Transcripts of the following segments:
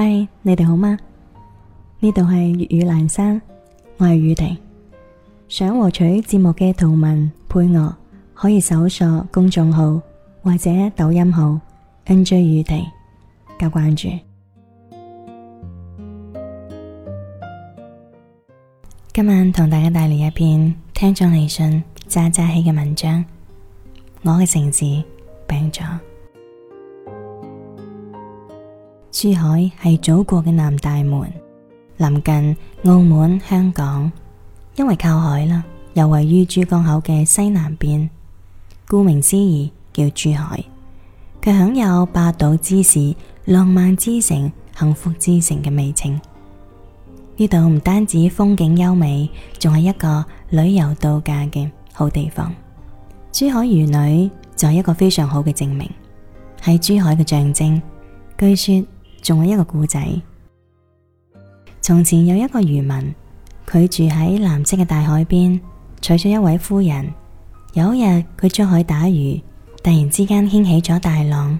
嗨，Hi, 你哋好嗎？呢度係粵語闌珊，我係宇婷。想獲取節目嘅圖文配樂，可以搜索公眾號或者抖音號 NJ 宇婷加關注。今晚同大家帶嚟一篇聽眾嚟信渣渣希嘅文章。我嘅城市病咗。珠海係祖國嘅南大門，臨近澳門、香港，因為靠海啦，又位於珠江口嘅西南邊，顧名思義叫珠海。佢享有百島之市、浪漫之城、幸福之城嘅美稱。呢度唔單止風景優美，仲係一個旅遊度假嘅好地方。珠海漁女就係一個非常好嘅證明，係珠海嘅象徵。據說，仲有一個故仔。從前有一個漁民，佢住喺藍色嘅大海邊，娶咗一位夫人。有一日佢出海打魚，突然之間掀起咗大浪，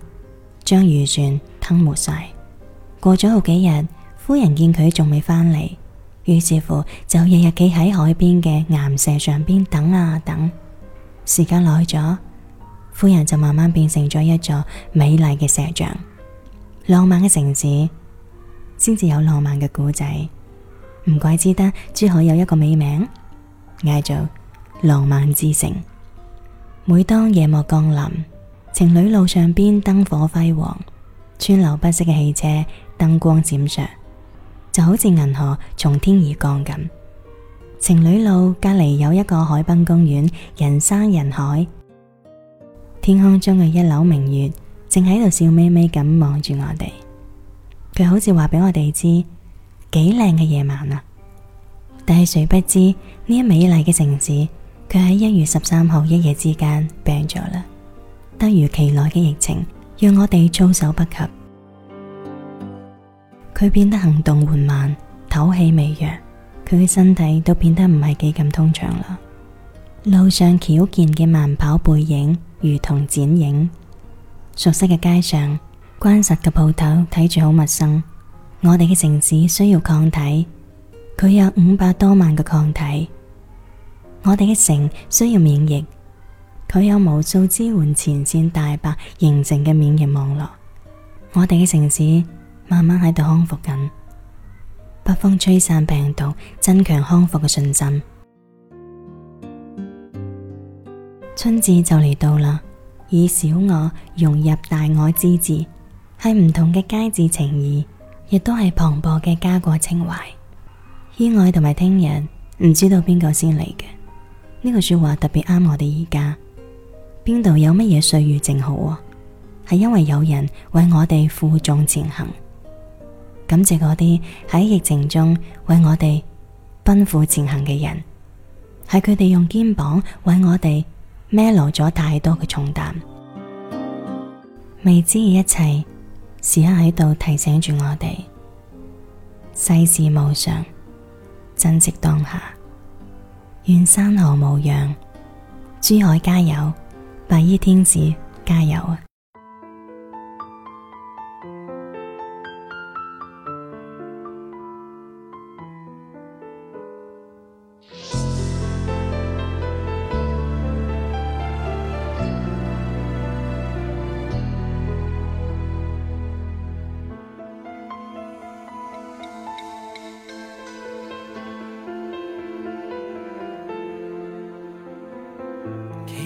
將漁船吞沒晒。過咗好幾日，夫人見佢仲未翻嚟，於是乎就日日企喺海邊嘅岩石上邊等啊等。時間耐咗，夫人就慢慢變成咗一座美麗嘅石像。浪漫嘅城市，先至有浪漫嘅古仔。唔怪之得珠海有一個美名，叫做浪漫之城。每當夜幕降臨，情侶路上邊燈火輝煌，川流不息嘅汽車燈光閃爍，就好似銀河從天而降咁。情侶路隔離有一個海濱公園，人山人海，天空中嘅一輪明月。正喺度笑眯眯咁望住我哋，佢好似話俾我哋知幾靚嘅夜晚啊！但係誰不知呢一美麗嘅城市，佢喺一月十三號一夜之間病咗啦。突如其來嘅疫情，讓我哋措手不及。佢變得行動緩慢，唞氣微弱，佢嘅身體都變得唔係幾咁通暢啦。路上矯健嘅慢跑背影，如同剪影。熟悉嘅街上，關實嘅鋪頭睇住好陌生。我哋嘅城市需要抗體，佢有五百多萬個抗體。我哋嘅城需要免疫，佢有無數支援前線大白形成嘅免疫網絡。我哋嘅城市慢慢喺度康復緊，北風吹散病毒，增強康復嘅信心。春節就嚟到啦。以小我融入大我之志，係唔同嘅佳節情意，亦都係磅礴嘅家國情懷。意外同埋聽日，唔知道邊個先嚟嘅。呢個說話特別啱我哋而家。邊度有乜嘢歲月正好啊，係因為有人為我哋負重前行。感謝嗰啲喺疫情中為我哋奔赴前行嘅人，係佢哋用肩膀為我哋。孭落咗太多嘅重擔，未知嘅一切，時刻喺度提醒住我哋，世事無常，珍惜當下。願山河無恙，珠海加油，白衣天使加油啊！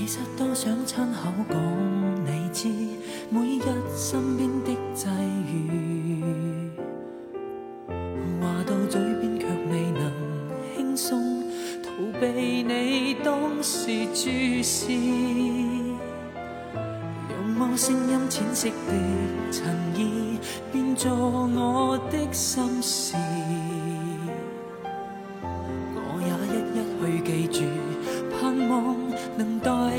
其實都想親口講你知，每日身邊的際遇，話到嘴邊卻未能輕鬆，逃避你當時注視，容貌聲音淺色的襯衣，變作我的心事，我也一一去記住，盼望能。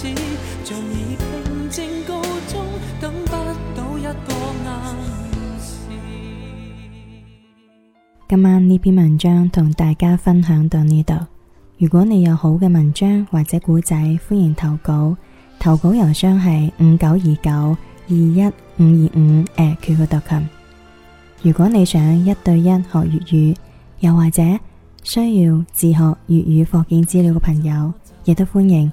今晚呢篇文章同大家分享到呢度。如果你有好嘅文章或者古仔，歡迎投稿。投稿郵箱係五九二九二一五二五誒。佢個獨琴。如果你想一對一學粵語，又或者需要自學粵語課件資料嘅朋友，亦都歡迎。